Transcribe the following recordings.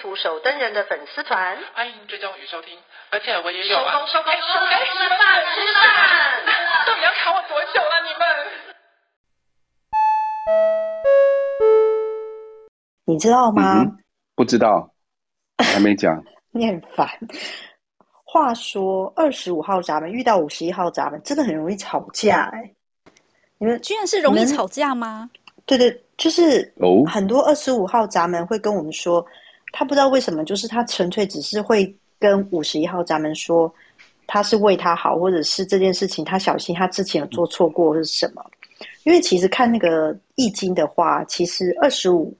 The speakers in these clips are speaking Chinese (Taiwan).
徒手登人的粉絲團，歡迎追蹤與收聽，而且我也有收、啊、收工收工吃飯到底要吵我多久啊你們？你知道嗎？嗯、不知道，我還沒講。 你很煩。話說，二十五號匣門遇到五十一號匣門，真的很容易吵架哎、欸。嗯、你們居然是容易吵架嗎？對，對對，就是、哦、很多二十五號匣門會跟我們說。他不知道為什麼，就是他純粹只是會跟五十一號匣門說，他是為他好，或者是這件事情他小心，他之前有做錯過或什麼？因為其實看那個易經的話，其實二十五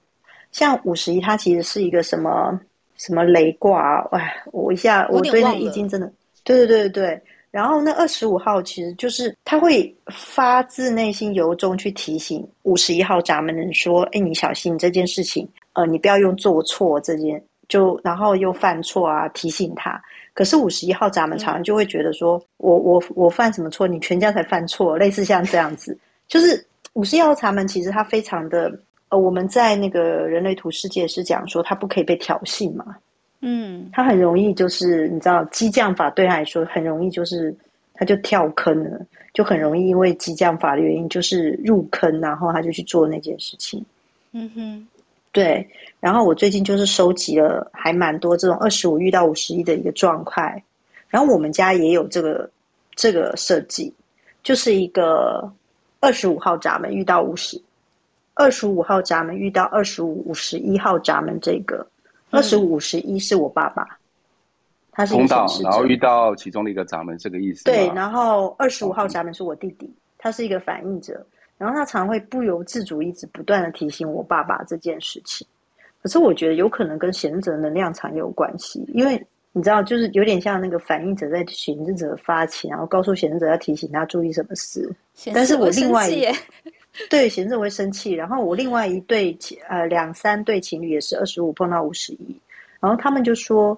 像五十一，它其實是一個什麼什麼雷卦啊！哎，我一下我對那易經真的，對對對對對。然後那二十五號其實就是他會發自內心、由衷去提醒五十一號匣門人說：“哎、欸，你小心你這件事情。”呃，你不要用做錯這件，就然後又犯錯啊，提醒他。可是五十一號匣門常常就會覺得說，我我我犯什麼錯，你全家才犯錯，類似像這樣子。 就是五十一號匣門，其實他非常的呃，我們在那個人類圖世界是講說，他不可以被挑釁嘛。嗯，他很容易就是你知道激將法對他來說很容易，就是他就跳坑了，就很容易因為激將法的原因，就是入坑，然後他就去做那件事情。嗯哼。對，然後我最近就是收集了還蠻多這種二十五遇到五十一的一個狀態，然後我們家也有這個這個設計，就是一個二十五號閘門遇到五十，二十五號閘門遇到二十五五十一號閘門，這個二十五五十一是我爸爸，嗯、他是情緒者，然後遇到其中的一個閘門，這個意思對，然後二十五號閘門是我弟弟，嗯、他是一個反應者。然後他常會不由自主，一直不斷的提醒我爸爸這件事情，可是我覺得有可能跟顯示者能量場有關係，因為你知道，就是有點像那個反映者在顯示者發起，然後告訴顯示者要提醒他注意什麼事。但是我另外一對，對顯示者會生氣，然後我另外一對呃兩三對情侶也是二十五碰到五十一，然後他們就說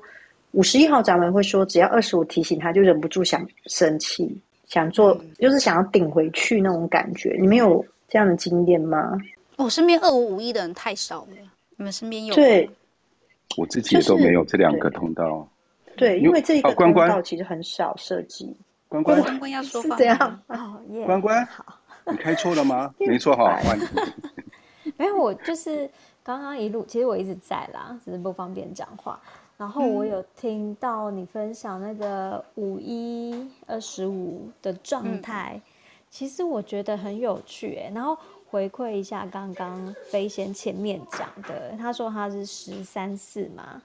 五十一號匣門會說，只要二十五提醒他，就忍不住想生氣。想做就是想要頂回去那種感覺，你們有這樣的經驗嗎？我身邊二五五一的人太少了，你們身邊有？對，我自己也都沒有這兩個通道。對，因為這一個通道其實很少涉及。關關，關關要說話。哦耶，關關，好，你開錯了嗎？沒錯哈，換你。沒有，我就是剛剛一路，其實我一直在啦，只是不方便講話。然後我有聽到你分享那個五一二十五的狀態，嗯、其實我覺得很有趣、欸。然後回饋一下剛剛飛仙前面講的，他說他是十三四嘛，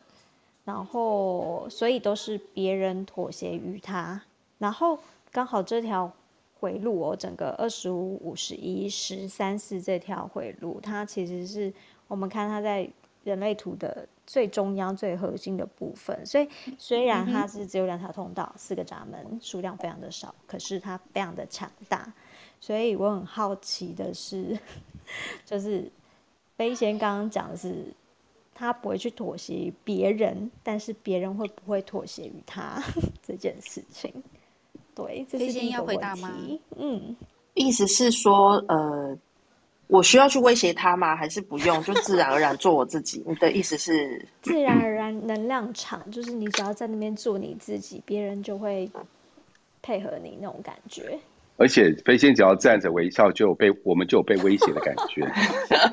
然後所以都是別人妥協於他，然後剛好這條回路，哦，整個二十五五十一十三四這條回路，它其實是我們看他在。人類圖的最中央、最核心的部分，所以雖然它是只有兩條通道、嗯、哼四個閘門，數量非常的少，可是它非常的強大。所以我很好奇的是，就是飛仙剛剛講的是，他不會去妥協於別人，但是別人會不會妥協於他呵呵這件事情？對，飛仙要回答嗎？嗯，意思是說，呃。我需要去威脅他嗎？還是不用，就自然而然做我自己？ 你的意思是自然而然能量場，就是你只要在那邊做你自己，別人就會配合你那種感覺。而且飛仙只要站着微笑，就有被我們就有被威脅的感覺。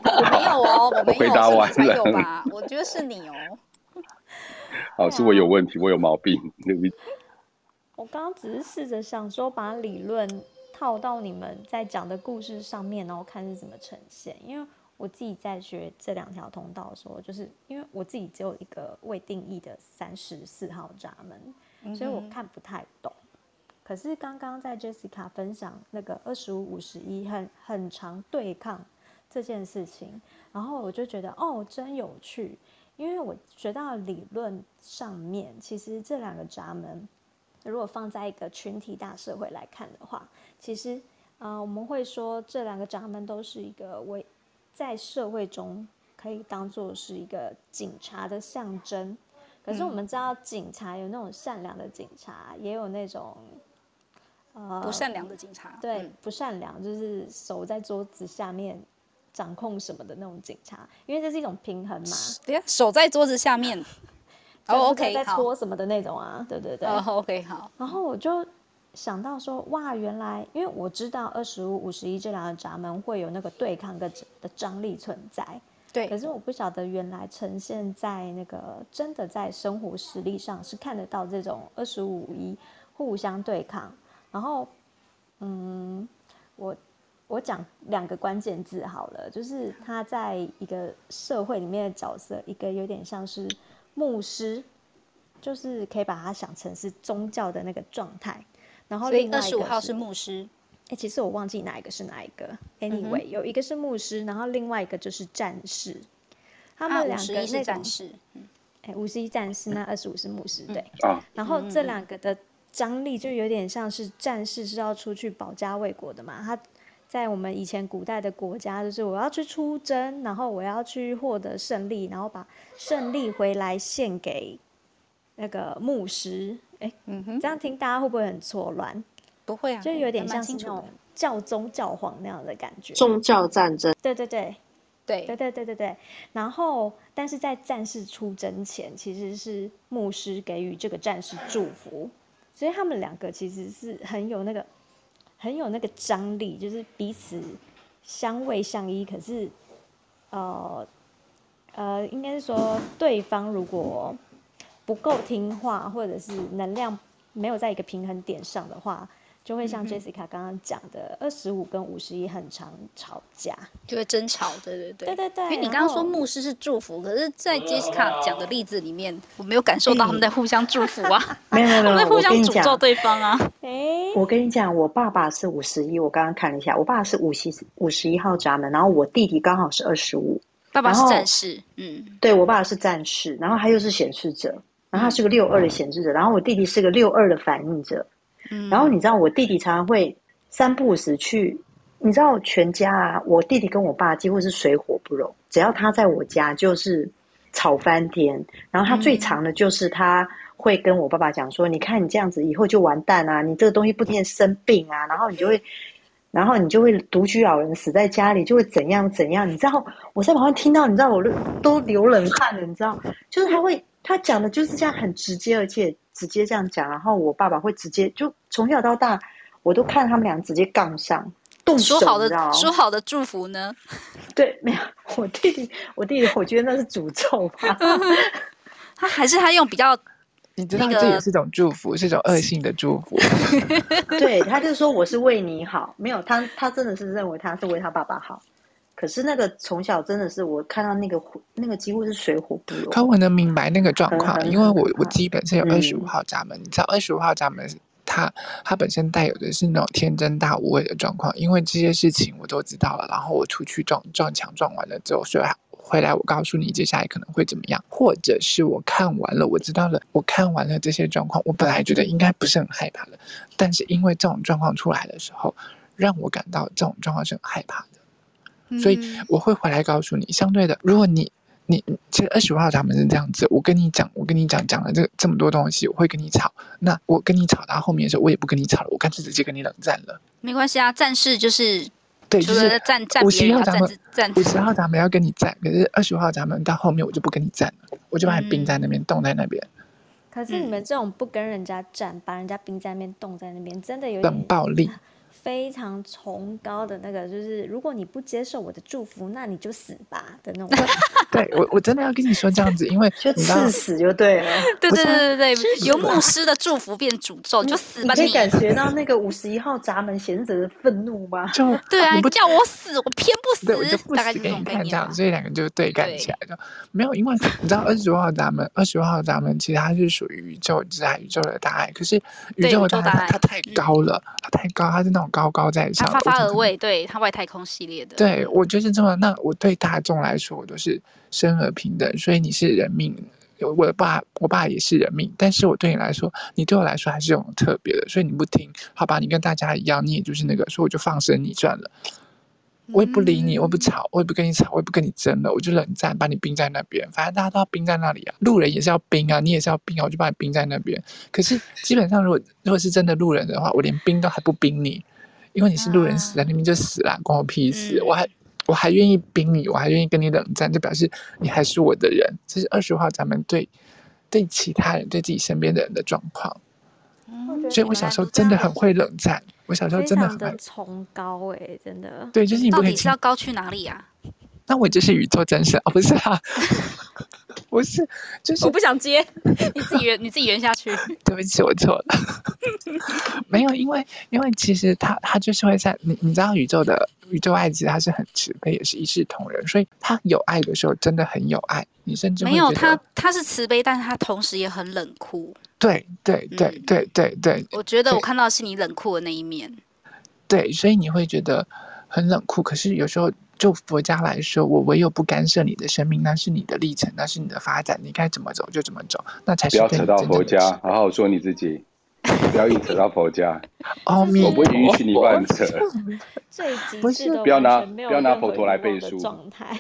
我沒有哦，我沒有，我回答完了，是不是才有吧，我覺得是你哦。 好，是我有問題，我有毛病。我剛剛只是試着想說把理論。套到你們在講的故事上面，然後看是怎麼呈現。因為我自己在學這兩條通道的時候，就是因為我自己只有一個未定義的三十四號閘門，嗯、哼所以我看不太懂。可是剛剛在 Jessica 分享那個二十五五十一很很常對抗這件事情，然後我就覺得哦，真有趣。因為我學到理論上面，其實這兩個閘門。如果放在一個群體大社會來看的話，其實，啊、呃、我們會說這兩個匣門都是一個為在社會中可以當做是一個警察的象徵。可是我們知道，警察有那種善良的警察，也有那種、呃、不善良的警察。對，嗯、不善良就是守在桌子下面掌控什麼的那種警察，因為這是一種平衡嘛。對呀，守在桌子下面。哦，OK，在搓什麼的那種啊？對對對。哦，OK，好。然後我就想到說，哇，原來因為我知道二十五、五十一這兩個閘門會有那個對抗跟的張力存在。對。可是我不曉得原來呈現在那個真的在生活實力上是看得到這種二十五、五一互相對抗。然後，嗯，我我講兩個關鍵字好了，就是他在一個社會裡面的角色，一個有點像是。牧師，就是可以把它想成是宗教的那個狀態。然後另外二十五號是牧師，哎、欸，其實我忘記哪一個是哪一個。Anyway，、嗯、哼有一個是牧師，然後另外一個就是戰士，他們兩個、那個啊、是戰士。哎、欸，五十一戰士，那二十五是牧師，對。然後這兩個的張力就有點像是戰士是要出去保家衛國的嘛，他。在我們以前古代的國家，就是我要去出征，然後我要去獲得勝利，然後把勝利回來獻給那個牧師。哎、欸，嗯哼，這樣聽大家會不會很錯亂？不會啊，就有點像是那種教宗教皇那樣的感覺。宗教戰爭。對對對，對對對對對對。然後，但是在戰士出征前，其實是牧師給予這個戰士祝福，所以他們兩個其實是很有那個。很有那個張力，就是彼此相偎相依，可是，呃，呃，應該是說對方如果不夠聽話，或者是能量沒有在一個平衡點上的話。就會像 Jessica 剛剛講的，二十五跟五十一很常吵架，就會爭吵，對對對，對對對。因為你剛剛說牧師是祝福，可是在 Jessica 講的例子裡面，我沒有感受到他們在互相祝福啊，沒有沒有沒有，他們在互相詛咒對方啊。哎，我跟你講，我爸爸是五十一，我剛剛看了一下，我爸爸是五十五十一號閘門，然後我弟弟剛好是二十五，爸爸是戰士，嗯，對我爸爸是戰士，然後他又是顯示者，然後他是個六二的顯示者，然後我弟弟是個六二的反映者。然後你知道我弟弟常常會三不五時去，你知道全家啊，我弟弟跟我爸幾乎是水火不容。只要他在我家，就是吵翻天。然後他最常的就是他會跟我爸爸講說：“你看你這樣子，以後就完蛋啊！你這個東西不停生病啊，然後你就會，然後你就會獨居老人死在家裡，就會怎樣怎樣。”你知道我在網上聽到，你知道我都都流冷汗了，你知道就是他會。他講的就是這樣很直接，而且直接這樣講。然後我爸爸會直接就從小到大，我都看他們倆直接槓上，動手。說好的說好的祝福呢？對，沒有我弟弟，我弟弟，我覺得那是詛咒吧。他 還是他用比較，你知道這也是一種祝福，是一種惡性的祝福。 對，他就說我是為你好，沒有他，他真的是認為他是為他爸爸好。可是那個從小真的是我看到那個那個幾乎是水火不容。可我能明白那個狀況，因為我我自己本身有二十五號閘門，嗯、你知道二十五號閘門，它它本身帶有的是那種天真大無畏的狀況，因為這些事情我都知道了，然後我出去撞撞牆撞完了之後，所以回來我告訴你接下來可能會怎麼樣，或者是我看完了，我知道了，我看完了這些狀況，我本來覺得應該不是很害怕的，嗯、但是因為這種狀況出來的時候，讓我感到這種狀況是很害怕。所以我會回來告訴你。相對的，如果你你其實二十五號匣門是這樣子，我跟你講，我跟你講講了這這麼多東西，我會跟你吵。那我跟你吵，到後，後面的時候我也不跟你吵了，我乾脆直接跟你冷戰了。沒關係啊，戰士就是，對，就是五十一號匣門，五十號匣門要跟你戰，可是二十五號匣門到後面我就不跟你戰了，我就把你冰在那邊，凍、嗯、在那邊。可是你們這種不跟人家戰，嗯、把人家冰在那邊，凍在那邊，真的有冷暴力。非常崇高的那個，就是如果你不接受我的祝福，那你就死吧的那種。對我我真的要跟你說這樣子，因為就賜死就對了。對對對對對，由牧師的祝福變詛咒，你就死吧。你可以感覺到那個五十一號閘門賢者的憤怒嗎？就對啊，你叫我死，我偏不死。我就不死給你看。大概這種概念，所以兩個就對幹起來了。沒有，因為你知道二十五號閘門，二十五號閘門其實它是屬於宇宙之愛，宇宙的大愛。可是宇宙的大愛它太高了，它太高，它是那種。高高在上，他發發而為，對他外太空系列的，對我就是這麼。那我對大眾來說，我都是生而平等，所以你是人命，我的爸，我爸也是人命。但是我對你來說，你對我來說還是有特別的，所以你不聽，好吧？你跟大家一樣，你也就是那個，所以我就放生你算了。我也不理你，我也不吵，我也不跟你吵，我跟你，我也不跟你爭了，我就冷戰，把你冰在那邊。反正大家都要冰在那裡啊，路人也是要冰啊，你也是要冰啊，我就把你冰在那邊。可是基本上，如果 如果是真的路人的話，我連冰都還不冰你。因為你是路人死，死在那邊就死了，關我屁事！嗯、我還我還願意冰你，我還願意跟你冷戰，就表示你還是我的人。這、就是二十五號，咱們對對其他人、對自己身邊的人的狀況。嗯、所以我小時候真的很會冷戰，嗯、我小時候真的很會。崇高哎、欸，真的。對，就是你到底是要高去哪裡呀、啊？那我就是宇宙真神啊、哦！不是啊，不 是,就是我不想接,你自己圓你自己圓下去。 對不起,我錯了。 沒有,因為因為其實他他就是會在你，你知道宇宙的宇宙愛子他是很慈悲，也是一視同仁,所以他有愛的時候真的很有愛。你甚至沒有他，他是慈悲,但是他同時也很冷酷。對對對對對對,我覺得我看到的是你冷酷的那一面。對,所以你會覺得很冷酷,可是有時候。就佛家來說，我唯有不干涉你的生命，那是你的歷程，那是你的發展，你該怎麼走就怎麼走，那才是你的。你不要扯到佛家，好好說你自己， 不要硬扯到佛家。奧秘，我不允許你亂扯。不是的。不要拿不要拿佛陀來背書。狀態。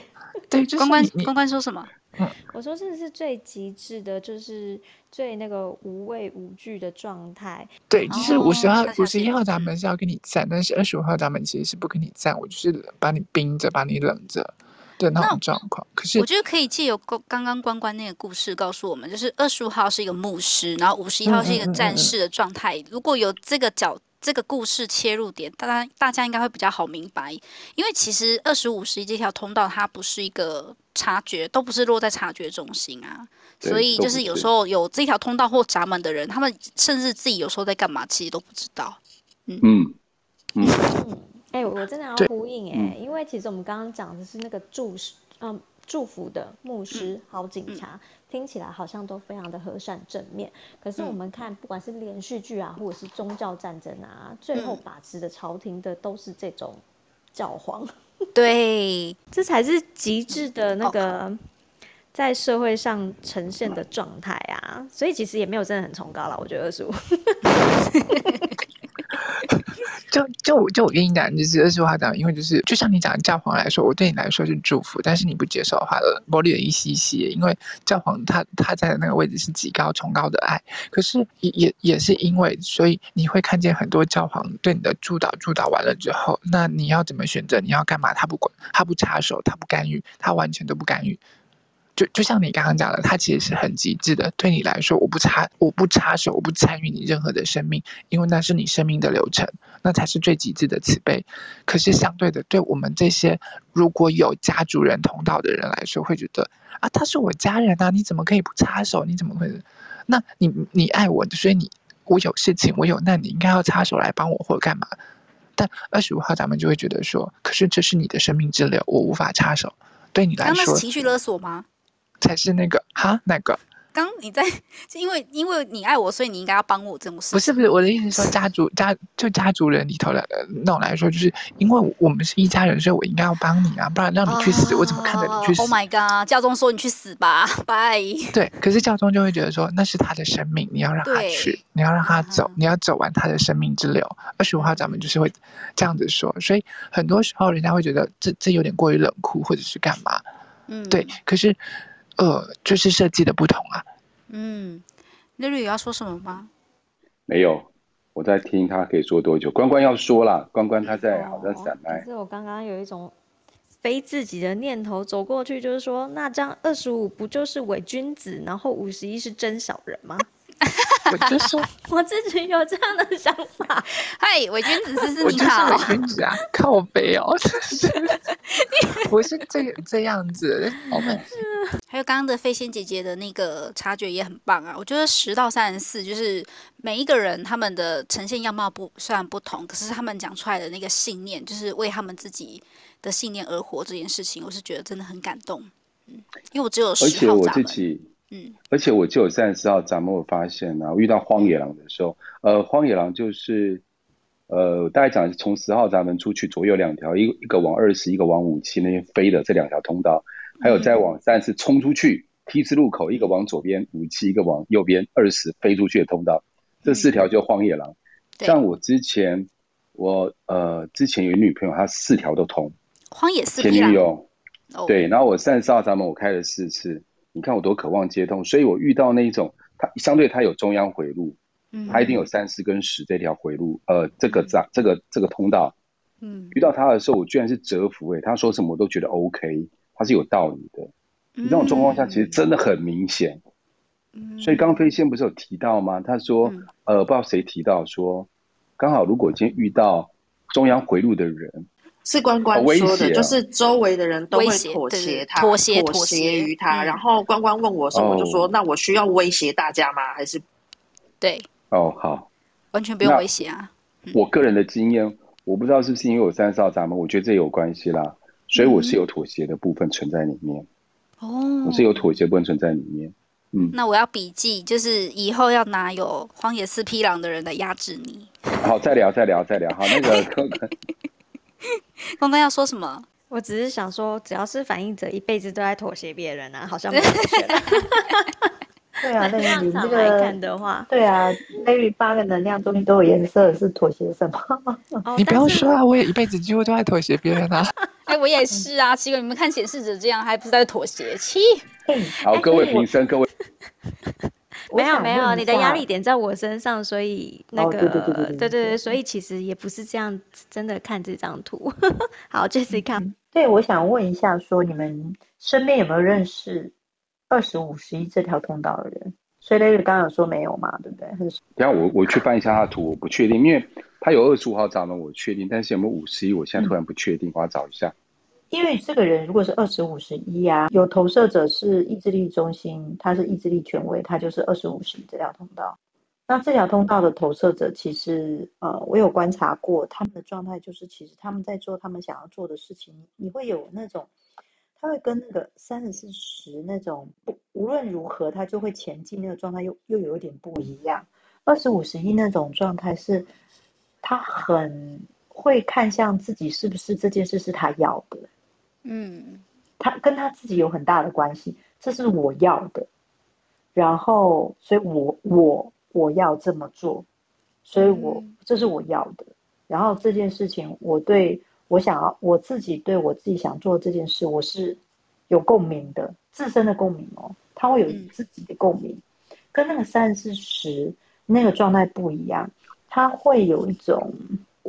對，就是、關關關關說什麼？嗯、我說這是最極致的，就是最那個無畏無懼的狀態。對，就是五十號五十一號閘門是要跟你戰，嗯、但是二十五號他們其實是不跟你戰，我就是把你冰着，把你冷着的那種狀況。那可是我覺得可以借由剛剛剛關關那個故事告訴我們，就是二十五號是一個牧師，然後五十一號是一個戰士的狀態。嗯嗯嗯，如果有這個角度。這個故事切入點，大家大家應該會比較好明白，因為其實二十五十一這條通道，它不是一個察覺，都不是落在察覺中心啊，對所以就是有時候有這條通道或閘門的人，他們甚至自己有時候在幹嘛，其實都不知道。嗯嗯嗯哎、嗯欸，我真的要呼應哎、欸，嗯、因為其實我們剛剛講的是那個注視，嗯。祝福的牧師、好警察，嗯嗯、聽起來好像都非常的和善、正面。可是我們看，嗯、不管是連續劇啊，或者是宗教戰爭啊，最後把持的朝廷的都是這種教皇。嗯、對， 這才是極致的那個在社會上呈現的狀態啊。所以其實也沒有真的很崇高了，我覺得二十五。 就就我就我跟你講、就是，就是這句話講，因為就是就像你講的教皇來說，我對你來說是祝福，但是你不接受的話，玻璃的一些些，因為教皇他他在的那個位置是極高崇高的愛，可是也也也是因為，所以你會看見很多教皇對你的祝禱祝禱完了之後，那你要怎麼選擇，你要幹嘛？他不管，他不插手，他不干預，他完全都不干預。就就像你剛剛講的，他其實是很極致的。對你來說，我不插我不插手，我不參與你任何的生命，因為那是你生命的流程。那才是最極致的慈悲，可是相對的，對我們這些如果有家族人通道的人來說，會覺得啊，他是我家人吶、啊，你怎麼可以不插手？你怎麼會？那你你愛我，所以你我有事情，我有難，你應該要插手來幫我或者幹嘛？但二十五號匣門就會覺得說，可是這是你的生命之流，我無法插手。對你來說，他那是情緒勒索嗎？才是那個哈那個。剛你在，因為因為你愛我，所以你應該要幫我這種事。不是不是，我的意思是說家，家族家就家族人裡頭的，那種來說，就是因為我我們是一家人，所以我應該要幫你啊，不然讓你去死，oh, 我怎麼看着你去死？Oh my god，教宗說你去死吧，拜。對，可是教宗就會覺得說，那是他的生命，你要讓他去，對你要讓他走，嗯、哼你要走完他的生命之流。二十五號匣門就是會這樣子說，所以很多時候人家會覺得這這有點過於冷酷，或者是幹嘛？嗯，對，可是。呃，就是設計的不同啊。嗯，賴瑞要說什麼嗎？沒有，我在聽他可以說多久。關關要說了，關關他在、哦、好像閃麥。是我剛剛有一種非自己的念頭走過去，就是說那張二十五不就是偽君子，然後五十一是真小人嗎？ 我就說， 我自己有這樣的想法。嗨，偽君子，思思你好。我偽君子啊，靠北哦，不 是這這樣子，好美。 還有剛剛的飛仙姐姐的那個察覺也很棒啊。我覺得十到三十四，就是每一個人他們的呈現樣貌不雖然不同，可是他們講出來的那個信念，就是為他們自己的信念而活這件事情，我是覺得真的很感動。嗯，因為我只有十號匣門嗯，而且我就有三十四號閘門，我發現呢、啊，我遇到荒野狼的時候，呃，荒野狼就是，呃，大概講從十號閘門出去，左右兩條，一一個往二十，一個往五七那邊飛的這兩條通道，還有再往三十衝出去 T 字、嗯、路口，一個往左邊五七，一個往右邊二十飛出去的通道，這四條就荒野狼。嗯、像我之前，我呃之前有女朋友她，她四條都通，荒野四。前女友。哦、對，然後我三十號閘門，我開了四次。你看我多渴望接通，所以我遇到那一種，他相對他有中央回路，他一定有三四跟十這條回路，嗯、呃，這個在、嗯、這個這個通道，嗯，遇到他的時候，我居然是折服、欸，他說什麼我都覺得 OK，他是有道理的，你這種狀況下其實真的很明顯，嗯、所以剛飛仙不是有提到嗎？他說，嗯、呃，不知道誰提到說，剛好如果今天遇到中央回路的人。是關關說的，就是周圍的人都會妥協他，妥協妥協於他。然後關關問我什麼：“我就說，那我需要威脅大家嗎？還是對？”哦，好，完全不用威脅啊。我個人的經驗，我不知道是不是因為我三十號閘門，我覺得這有關係啦。所以我是有妥協的部分存在裡面。哦，我是有妥協部分存在裡面。嗯，那我要筆記，就是以後要拿有荒野四匹狼的人來壓制你。好，再聊，再聊，再聊，好，那個。剛剛要說什麼？我只是想說，只要是反應者，一輩子都在妥協別人啊，好像沒有妥協。對啊，你這個來看的話，對啊，maybe，八個能量中心都有顏色，是妥協什麼？你不要說啊，我也一輩子幾乎都在妥協別人啊。哎，我也是啊，結果你們看顯示者這樣，還不是在妥協？七好，各位評審，各位。沒有沒有，你的壓力點在我身上，所以那個、哦、對，對對對，對對對，所以其實也不是這樣，真的看這張圖， 好，繼續看。對，我想問一下，說你們身邊有沒有認識二十五、五十一這條通道的人？所以賴瑞剛剛有說沒有嘛，對不對？等下我我去翻一下他的圖，我不確定，因為他有二十五號找的，我確定，但是有沒有五十一，我現在突然不確定，我要找一下。嗯因為這個人如果是二十五十一呀，有投射者是意志力中心，他是意志力權威，他就是二十五十一這條通道。那這條通道的投射者，其實呃，我有觀察過他們的狀態，就是其實他們在做他們想要做的事情，你會有那種，他會跟那個三十四十那種，不，無論如何他就會前進，那個狀態又又有一點不一樣。二十五十一那種狀態是，他很會看向自己是不是這件事是他要的。嗯，他跟他自己有很大的關係，這是我要的。然後，所以我我我要這麼做，所以我這是我要的。嗯、然後這件事情我，我對我想我自己對我自己想做的這件事，我是有共鳴的，自身的共鳴哦，他會有自己的共鳴，嗯、跟那個三四十那個狀態不一樣，他會有一種。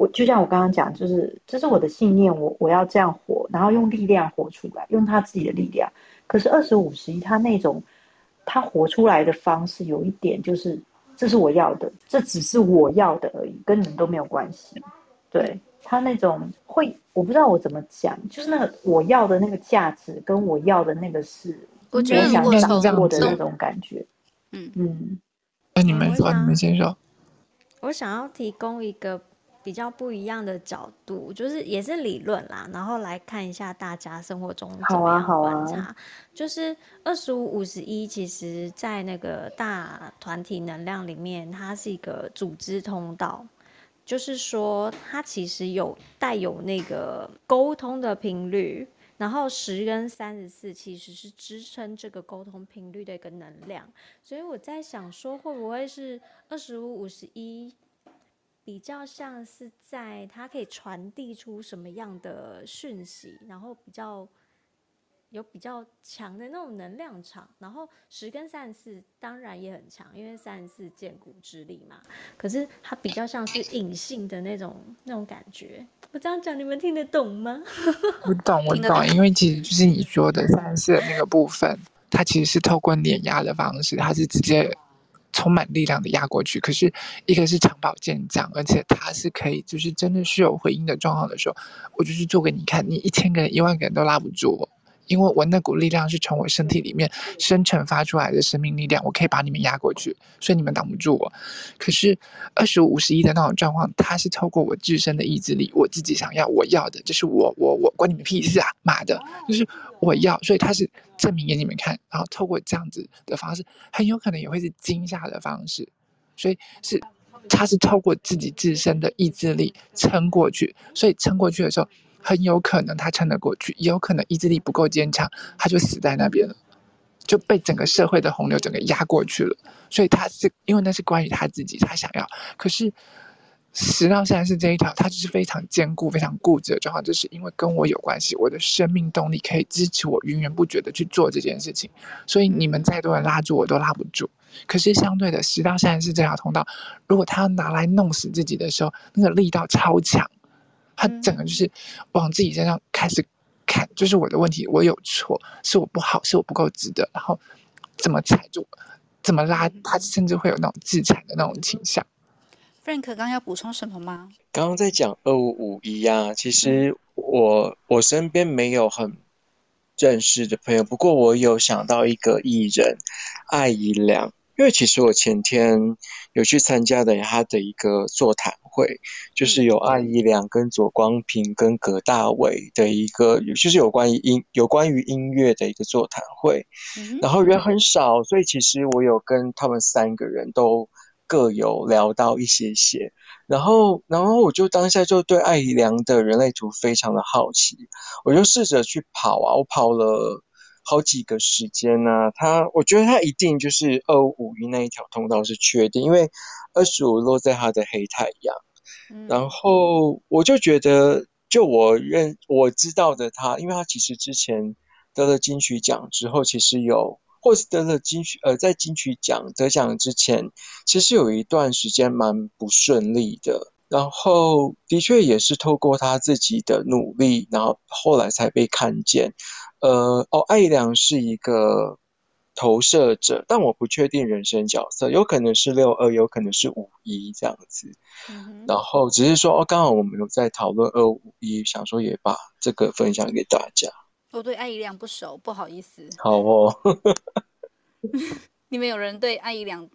我就像我剛剛講，就是這是我的信念，我我要這樣活，然後用力量活出來，用他自己的力量。可是二十五十一，他那種他活出來的方式，有一點就是，這是我要的，這只是我要的而已，跟你們都沒有關係。對，他那種會，我不知道我怎麼講，就是那個我要的那個價值，跟我要的那個是我想掌握的那種感覺。嗯嗯。那、你們說、啊、你們先說。我想要提供一個。比較不一樣的角度，就是也是理論啦，然後來看一下大家生活中怎麼樣觀察。好啊、好啊，就是二十五五十一，其實在那個大團體能量裡面，它是一個組織通道，就是說它其實有帶有那個溝通的頻率，然後十跟三十四其實是支撐這個溝通頻率的一個能量。所以我在想說，會不會是二十五五十一？51比較像是在它可以傳遞出什麼樣的訊息，然後比較有比較強的那種能量場。然後十跟三十四當然也很強，因為三十四見骨之力嘛。可是它比較像是隱性的那種那種感覺。我這樣講你們聽得懂嗎？ 我懂我懂，因為其實就是你說的三十四的那個部分，它其實是透過碾壓的方式，它是直接。充滿力量的壓過去，可是，一個是長跑健將，而且他是可以，就是真的是有回應的狀況的時候，我就是做給你看，你一千個人、一萬個人都拉不住我。因為我那股力量是從我身體裡面生成發出來的生命力量，我可以把你們壓過去，所以你們擋不住我。可是二十五、五十一的那種狀況，它是透過我自身的意志力，我自己想要我要的，這，就是我我我關你們屁事啊！媽的，就是我要，所以它是證明給你們看，然後透過這樣子的方式，很有可能也會是驚嚇的方式，所以是它是透過自己自身的意志力撐過去，所以撐過去的時候。很有可能他撐得過去，也有可能意志力不夠堅強，他就死在那邊了，就被整個社會的洪流整個壓過去了。所以他是因為那是關於他自己，他想要。可是十到三十四這一條，它就是非常堅固、非常固執的狀況，就是因為跟我有關係，我的生命動力可以支持我源源不絕的去做這件事情。所以你們再多人拉住我都拉不住。可是相對的，十到三十四這條通道，如果他要拿來弄死自己的時候，那個力道超強。他整個就是往自己身上開始看，就是我的問題，我有錯，是我不好，是我不夠值得，然後怎麼踩住，怎麼拉，他甚至會有那種自殘的那種傾向。Frank，剛剛要補充什麼嗎？剛剛在講二五五一呀、啊，其實我我身邊沒有很認識的朋友，不過我有想到一個藝人，艾怡良。因為其實我前天有去參加的他的一個座談會，就是有艾怡良跟左光平跟葛大為的一個，就是有關於音有關於音樂的一個座談會。然後人很少，所以其實我有跟他們三個人都各有聊到一些些。然後，然後我就當下就對艾怡良的人類圖非常的好奇，我就試着去跑啊，我跑了。好幾個時間呢、啊，他我覺得他一定就是二五五一那一條通道是確定，因為二十五落在他的黑太陽，然後我就覺得，就我認我知道的他，因為他其實之前得了金曲獎之後，其實有或是得了金曲，呃，在金曲獎得獎之前，其實有一段時間蠻不順利的。然後的確也是透過他自己的努力，然後後來才被看見。呃，哦，艾怡良是一個投射者，但我不確定人生角色，有可能是六二，有可能是五一這樣子。嗯、哼然後只是說，哦，剛好我們有在討論二五,五一，想說也把這個分享給大家。我對，艾怡良不熟，不好意思。好哦。 你們有人對艾怡良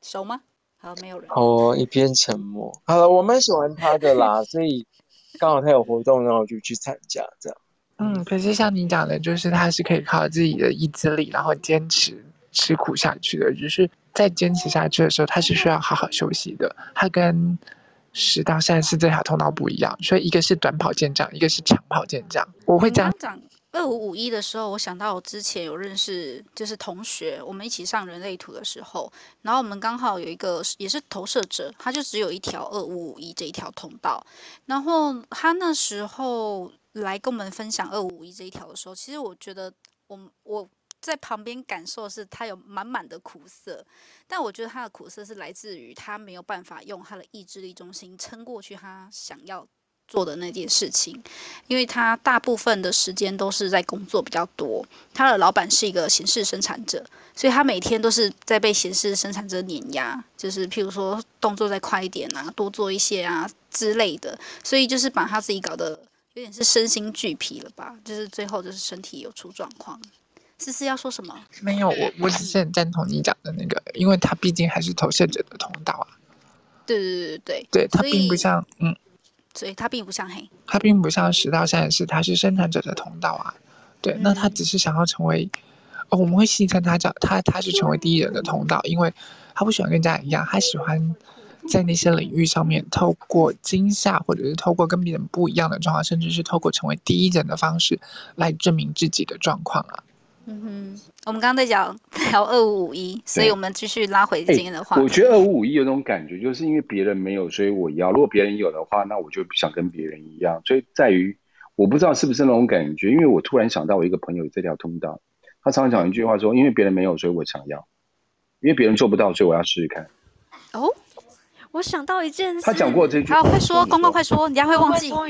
熟嗎？好，沒有人。好，oh, 一片沉默。好了，我蠻喜歡他的啦， 所以剛好他有活動，然後就去參加這樣。嗯，可是像你講的，就是他是可以靠自己的意志力，然後堅持吃苦下去的。就是在堅持下去的時候，他是需要好好休息的。他跟十到三十四這條通道不一樣，所以一個是短跑健將，一個是長跑健將。嗯、我會講。二五五一的時候，我想到我之前有認識，就是同學，我們一起上人類圖的時候，然後我們剛好有一個也是投射者，他就只有一條二五五一這一條通道，然後他那時候來跟我們分享二五五一這一條的時候，其實我覺得我我在旁邊感受的是他有滿滿的苦澀，但我覺得他的苦澀是來自於他沒有辦法用他的意志力中心撐過去，他想要做的那件事情，因為他大部分的時間都是在工作比較多。他的老板是一個顯示生產者，所以他每天都是在被顯示生產者碾壓，就是譬如說動作再快一點啊，多做一些啊之類的。所以就是把他自己搞得有點是身心俱疲了吧？就是最後就是身體有出狀況。思思要說什麼？沒有，我我只是很贊同你講的那個，因為他畢竟還是投射者的通道啊。對，對對對，對，他並不像所以嗯。所以他並不像黑，他並不像十到善的是他是生產者的通道啊。對，嗯、那他只是想要成為，哦，我們會戲稱他叫他，他是成為第一人的通道，因為他不喜歡跟家人一樣，他喜歡在那些領域上面透過驚嚇，或者是透過跟別人不一樣的狀況，甚至是透過成為第一人的方式來證明自己的狀況啊。嗯哼，我們剛剛在講聊二五五一，所以我們繼續拉回今天的話、欸。我覺得二五五一有種感覺，就是因為別人沒有，所以我要。如果別人有的話，那我就不想跟別人一樣。所以在於我不知道是不是那種感覺，因為我突然想到我一個朋友這條通道，他常常講一句話說：因為別人沒有，所以我想要；因為別人做不到，所以我要試試看。哦，我想到一件事，他講過這句，快、啊、說，說說公告快說，人家會忘記？公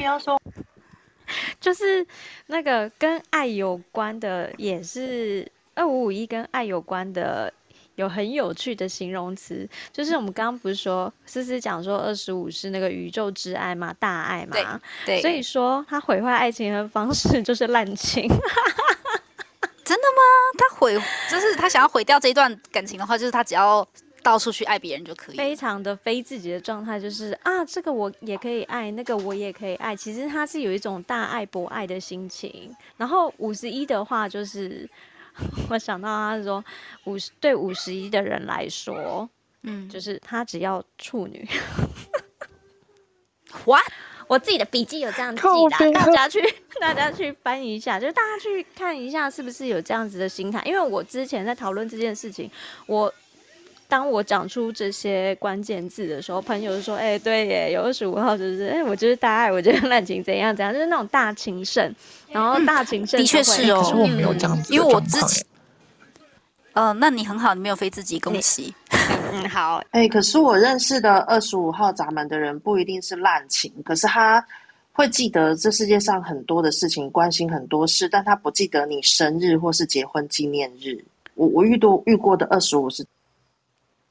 就是那個跟愛有關的，也是二五五一跟愛有關的，有很有趣的形容詞。就是我們剛剛不是說思思講說二十五是那個宇宙之愛嘛，大愛嘛。對對，所以說他毀壞愛情的方式就是濫情。 真的嗎？他毀，就是他想要毀掉這一段感情的話，就是他只要。到處去愛別人就可以，非常的非自己的狀態，就是啊，這個我也可以愛，那個我也可以愛。其實他是有一種大愛博愛的心情。然後五十一的話，就是我想到他說，五十對五十一的人來說，嗯，就是他只要處女。 what？我自己的筆記有這樣記的，大家去大家去翻一下，就是大家去看一下，是不是有這樣子的心態？因為我之前在討論這件事情，我。當我講出這些關鍵字的時候，朋友就說：“哎、欸，對耶，有二十五號就是？”哎、欸，我就是大愛，我就是濫情怎樣怎樣，就是那種大情聖，然後大情聖、嗯、的確是哦，嗯、是有這樣因為我之前。呃，那你很好，你沒有非自己恭喜。嗯，好，哎 、欸，可是我認識的二十五號匣門的人不一定是濫情，可是他會記得這世界上很多的事情，關心很多事，但他不記得你生日或是結婚紀念日。我我遇多遇過的二十五是。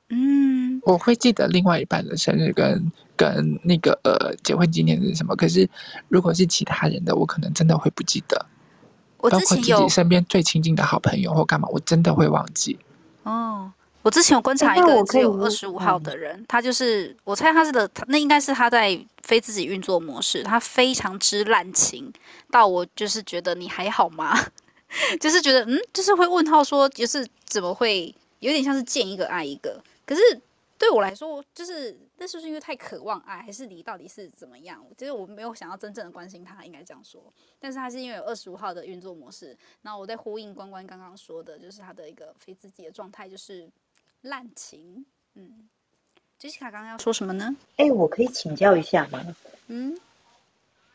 嗯，我會記得另外一半的生日跟跟那個呃結婚紀念日什麼，可是如果是其他人的，我可能真的會不記得。我之前有包括自己身邊最親近的好朋友或幹嘛，我真的會忘記。哦，我之前有觀察一個只有二十五號的人，欸嗯、他就是我猜他是的，他那應該是他在非自己運作模式，他非常之濫情，到我就是覺得你還好嗎？ 就是覺得嗯，就是會問號說，就是怎麼會有點像是見一個愛一個。可是對我來說，就是，那是不是因為太渴望愛？啊，還是你到底是怎麼樣？其實我沒有想要真正的關心他，應該這樣說。但是他是因為有二十五號的運作模式。然後我在呼應關關剛剛說的，就是他的一個非自己的狀態，就是濫情。嗯，Jessica 剛剛要說什麼呢？哎、欸，我可以請教一下嗎？嗯，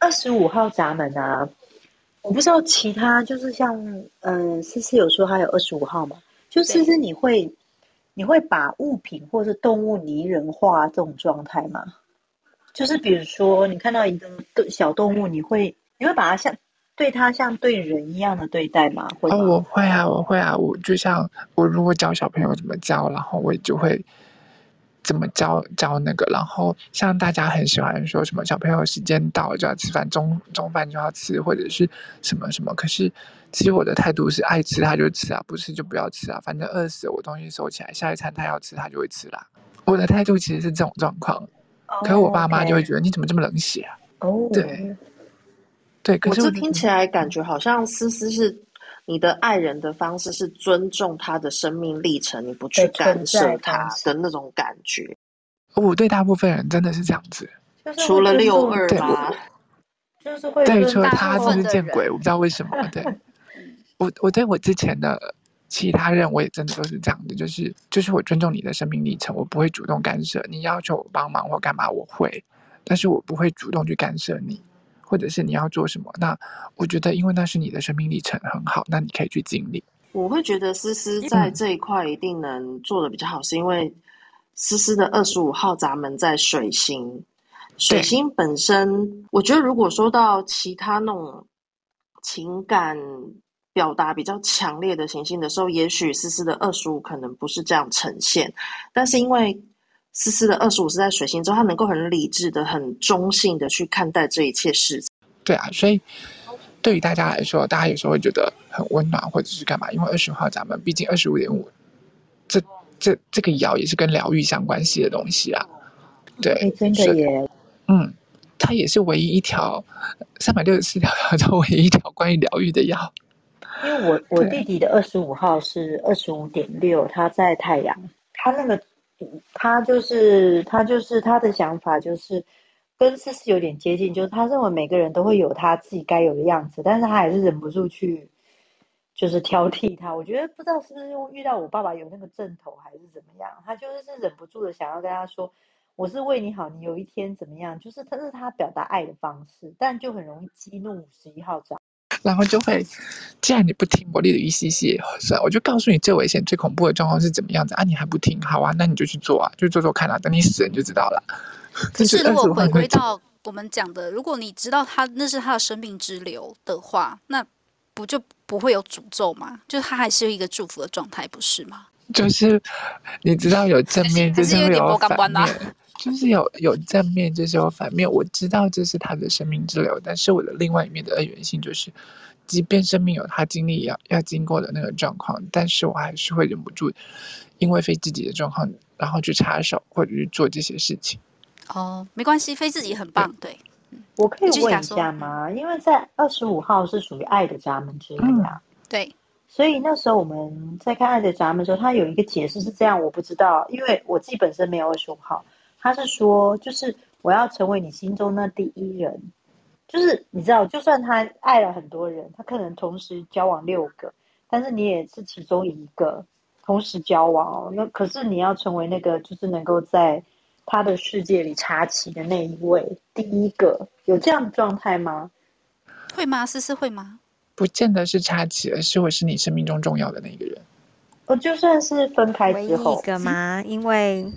二十五號閘門啊，我不知道其他，就是像，嗯、呃，思思有說她有二十五號嘛，就思思你會。你會把物品或者是動物擬人化這種狀態嗎？就是比如說，你看到一個小動物，你會你會把它像對它像對人一樣的對待嗎？哦，我會啊，我會啊，我就像我如果教小朋友怎麼教，然後我也就會怎麼教教那個。然後像大家很喜歡說什麼小朋友時間到就要吃飯，中中飯就要吃，或者是什麼什麼，可是。其實我的態度是愛吃他就吃啊，不吃就不要吃啊，反正餓死我東西收起來，下一餐他要吃他就會吃啦，啊。我的態度其實是這種狀況，okay, 可是我爸媽就會覺得 okay. 你怎麼這麼冷血啊？Oh. 對，對，可是我，我這聽起來感覺好像思思是你的愛人的方式是尊重他的生命歷程，你不去干涉他的那種感覺。他我對大部分人真的是這樣子，除了六二吧，對於說他真的見鬼，我不知道為什麼，對。 我我對我之前的其他人，我也真的都是這樣的，就是就是我尊重你的生命歷程，我不會主動干涉。你要求我幫忙或幹嘛，我會，但是我不會主動去干涉你，或者是你要做什麼。那我覺得，因為那是你的生命歷程，很好，那你可以去經歷。我會覺得思思在這一塊一定能做得比較好，嗯、是因為思思的二十五號閘門在水星，水星本身，對我覺得如果說到其他那種情感。表達比較強烈的行星的時候，也許思思的二十五可能不是這樣呈現。但是因為思思的二十五是在水星之後，他能夠很理智的、很中性的去看待這一切事情。對啊，所以對於大家來說，大家有時候會覺得很溫暖，或者是幹嘛？因為二十五號咱們畢竟二十五點五，這這這個爻也是跟療癒相關係的東西啊。對，欸、真的耶，嗯，它也是唯一一條三百六十四條它唯一一條關於療癒的爻。因為我我弟弟的二十五號是二十五點六，他在太陽，他那個，他就是他就是他的想法就是，跟思思有點接近，就是他認為每個人都會有他自己該有的樣子，但是他還是忍不住去，就是挑剔他。我覺得不知道是不是因為遇到我爸爸有那個陣頭還是怎麼樣，他就是是忍不住的想要跟他說，我是為你好，你有一天怎麼樣？就是他是他表達愛的方式，但就很容易激怒五十一號這樣。然後就會，既然你不聽魔力的細細，我列舉一些些，是，我就告訴你最危險、最恐怖的狀況是怎麼樣子啊！你還不聽，好啊，那你就去做啊，就做做看啊，等你死你就知道了。可是如果回歸到我們講的，如果你知道他,知道他那是他的生命之流的話，那不就不會有詛咒嗎？就是他還是有一個祝福的狀態，不是嗎？就是你知道有正面，就是有反面。就是有有正面，就是有反面。我知道這是他的生命之流，但是我的另外一面的二元性，就是即便生命有他經歷要要經過的那個狀況，但是我還是會忍不住，因為非自己的狀況，然後去插手或者去做這些事情。哦，沒關係，非自己很棒，對。對。我可以問一下嗎？因為在二十五號是屬於愛的匣門之一呀，啊嗯。對，所以那時候我們在看愛的匣門的時候，他有一個解釋是這樣，我不知道，因為我自己本身沒有二十五號。他是說，就是我要成為你心中那第一人，就是你知道，就算他愛了很多人，他可能同時交往六個，但是你也是其中一個同時交往哦。那可是你要成為那個，就是能夠在他的世界裡插旗的那一位，第一個，有這樣的狀態嗎？會嗎？思思會嗎？不見得是插旗，而是我是你生命中重要的那一個人。我、哦、就算是分開之後唯一個嗎？因為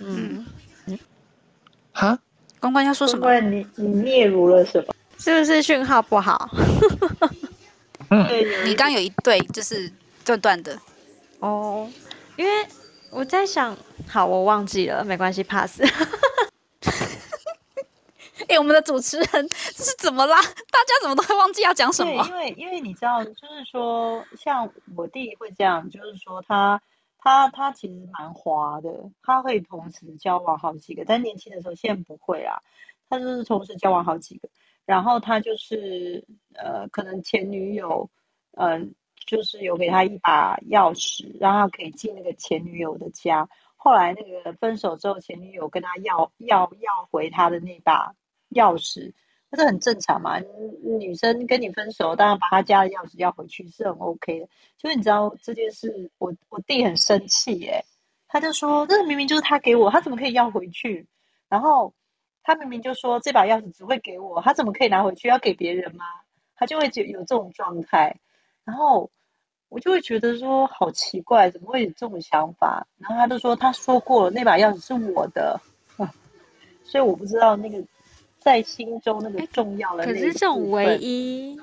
嗯。啊，關關要說什麼？關你你囁嚅了是吧？是不是訊號不好？ 嗯，你剛有一對就是斷斷的，嗯、哦，因為我在想，好，我忘記了，沒關係，pass。哎、 欸，我們的主持人這是怎麼啦？大家怎麼都會忘記要講什麼？對，因為因為你知道，就是說，像我弟會這樣，就是說他。他他其實蠻滑的，他會同時交往好幾個，但年輕的時候現在不會啊。他就是同時交往好幾個，然後他就是呃，可能前女友，嗯、呃，就是有給他一把鑰匙，讓他可以進那個前女友的家。後來那個分手之後，前女友跟他要要要回他的那把鑰匙。這是很正常嘛，女生跟你分手，當然把她家的鑰匙要回去是很 OK 的。所以你知道這件事，我我弟很生氣耶、欸，他就說，這明明就是他給我，他怎麼可以要回去？然後他明明就說這把鑰匙只會給我，他怎麼可以拿回去要給別人嗎？他就會有這種狀態，然後我就會覺得說好奇怪，怎麼會有這種想法？然後他就說他說過了那把鑰匙是我的，所以我不知道那個。在心中那麼重要的、欸，可是這種唯一，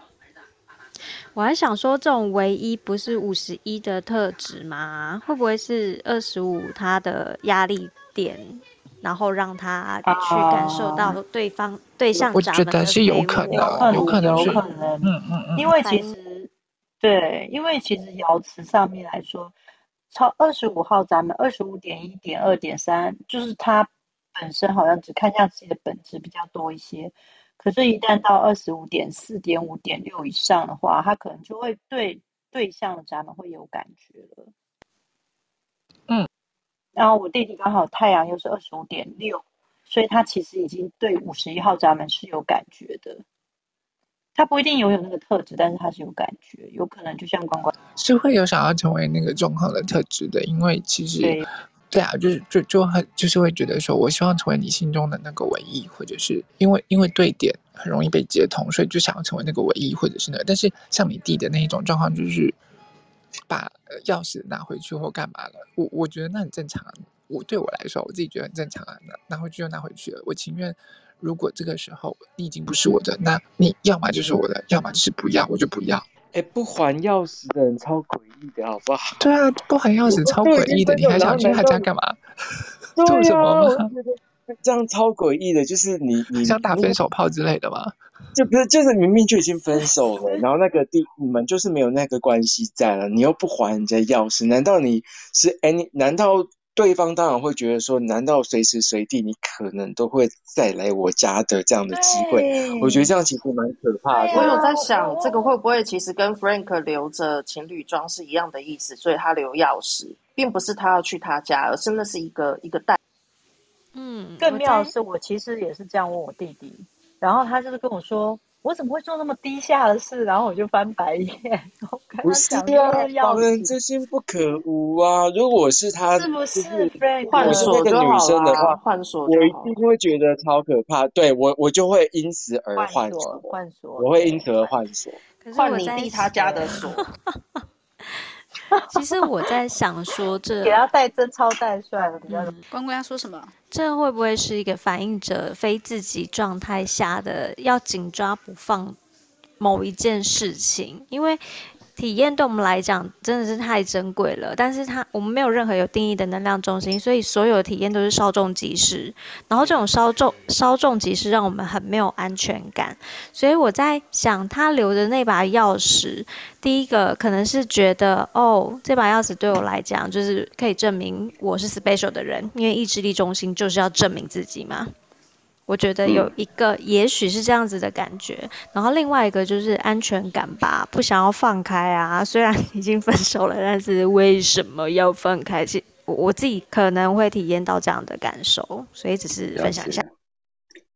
我還想說，這種唯一不是五十一的特質嗎？會不會是二十五他的壓力點，然後讓他去感受到對方、啊、對象？對的，我覺得是有可能，有可能，有可能嗯。嗯嗯嗯。因為其實，嗯、對，因為其實爻辭上面來說，超二十五號，咱們二十五點一點二點三，就是他。本身好像只看向自己的本質比較多一些，可是，一旦到二十五點、四點、五點、六以上的話，他可能就會對對象的閘門會有感覺了。嗯，然後我弟弟剛好太陽又是二十五點六，所以他其實已經對五十一號閘門是有感覺的。他不一定擁有，有那個特質，但是他是有感覺，有可能就像關關是會有想要成為那個狀況的特質的，因為其實。對啊，就是就就很就是會覺得說，我希望成為你心中的那個唯一，或者是因為因為對點很容易被接通，所以就想要成為那個唯一或者是那。但是像你弟的那一種狀況，就是把鑰匙拿回去或幹嘛了，我我覺得那很正常。我對我來說，我自己覺得很正常啊。拿拿回去就拿回去了。我情願，如果這個時候你已經不是我的，那你要麼就是我的，要麼就是不要，我就不要。欸、不還鑰匙的人超詭異的，好不好？對啊，不還鑰匙超詭異的，我你還想去他家幹嘛？啊、 做什麼嗎？這樣超詭異的，就是你你像打分手炮之類的嗎？就不是，就是明明就已經分手了， 然後那個地你們就是沒有那個關係在了，你又不還人家鑰匙，難道你是？哎、欸，你難道？對方當然會覺得說，難道隨時隨地你可能都會再來我家的這樣的機會對？我覺得這樣其實蠻可怕的、啊。對我有在想，這個會不會其實跟 Frank 留着情侶裝是一樣的意思？所以他留鑰匙，並不是他要去他家，而是那是一個一個蛋。嗯，更妙的是，我其實也是這樣問我弟弟，然後他就是跟我說。我怎麼會做那麼低下的事？然後我就翻白眼。他一不是、啊，防人之心不可無啊！如果是他，是不是？換鎖那個女生的話，換、啊、鎖，我一定會覺得超可怕。對我，我就會因此而換鎖，換鎖，我會因此而換鎖，換、鎖換、換你弟他家的鎖。 其實我在想說，這，這也要帶真超帶帥的，比較什麼、嗯？關關要說什麼？這會不會是一個反映者非自己狀態下的要緊抓不放某一件事情？因為。體驗對我們來講真的是太珍貴了，但是他我們沒有任何有定義的能量中心，所以所有的體驗都是稍縱即逝，然後這種稍縱稍縱即逝讓我們很沒有安全感，所以我在想他留的那把鑰匙，第一個可能是覺得哦，這把鑰匙對我來講就是可以證明我是 special 的人，因為意志力中心就是要證明自己嘛。我覺得有一個，也許是這樣子的感覺，嗯、然後另外一個就是安全感吧，不想要放開啊。雖然已經分手了，但是為什麼要放開？我我自己可能會體驗到這樣的感受，所以只是分享一下。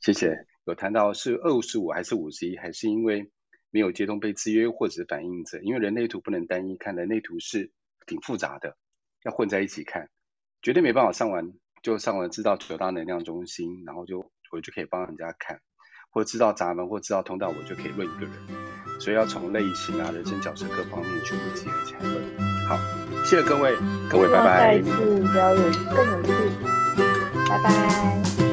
謝謝。有談到是二十五還是五十一，還是因為沒有接通被制約，或者是反映者，因為人類圖不能單一看，人類圖是挺複雜的，要混在一起看，絕對沒辦法上完就上完，知道九大能量中心，然後就。我就可以幫人家看，或知道閘門，或知道通道，我就可以論一個人。所以要從類型啊、人生角色各方面去結合起來論。好，謝謝各位，各位拜拜。再次要有更有趣，拜拜。